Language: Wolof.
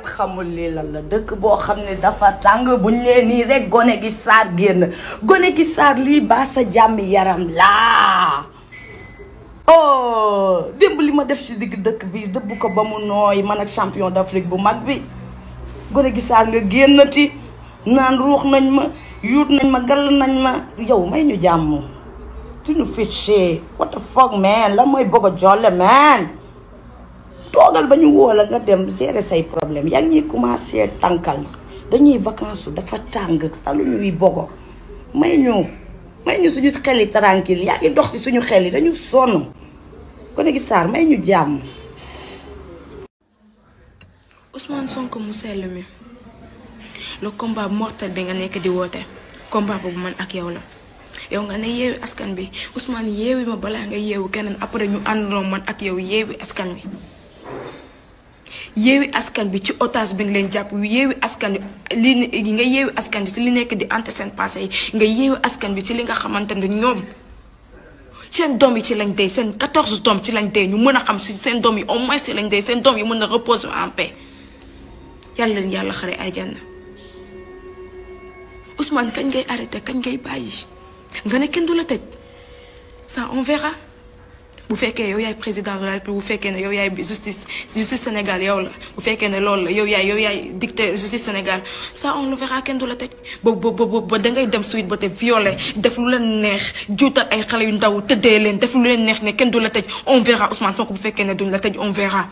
kenn xamul lii lan la dëkk boo xam ne dafa tàng buñ nee nii rek gone gi saar génn gone gi saar lii baa sa jàmm yaram laa oh démb li ma def si digg dëkk bi dëbb ko ba mu nooy man ak champion d'Afrique bu mag bi gone gi saar nga génnati naan ruux nañ ma yuut nañ ma gall nañ ma yow may ñu jàmm tu ñu fiché what the fuck man lan mooy bëgg a jolle man togal bañu ñu la nga dem gérer say problème yak ñi ñuy commencé tànkal dañuy vacances dafa tàng salu ñuy bogo may ñu may ñu suñu xel yi tranquille yaa ngi dox ci suñu xel yi dañu sonu ko ne gi sar may ñu jamm Ousmane Sonko mu sell mi le combat mortel bi nga nek di wote combat bu man ak yow la yow nga ne yewi askan bi Ousmane yewi ma bala nga yewu kenen après ñu àndaloo man ak yow yewi askan bi yeewi askan bi ci otage bi nga leen jàpp yeewi askan li nga yeewi askan ci li nek di ante passé nga yeewi askan bi ci li nga xamantene ne ñoom seen doom yi ci lañ dee seen 14 dom ci lañ dee ñu mëna xam si seen doom yi au moins ci lañ dee seen doom yi mën a en paix yàlla leen yalla xare aljanna Ousmane kañ ngay arrêté kañ ngay bayyi nga ne kenn du la tëj ça on verra que vous yow le président de la république faites que justice justice Sénégal yow la que dicté justice Sénégal ça on le verra la tête. Bo bo da ngay dem suite bon violé def lu vous ay yu ne la on verra Ousmane Sonko ne la tête, on verra.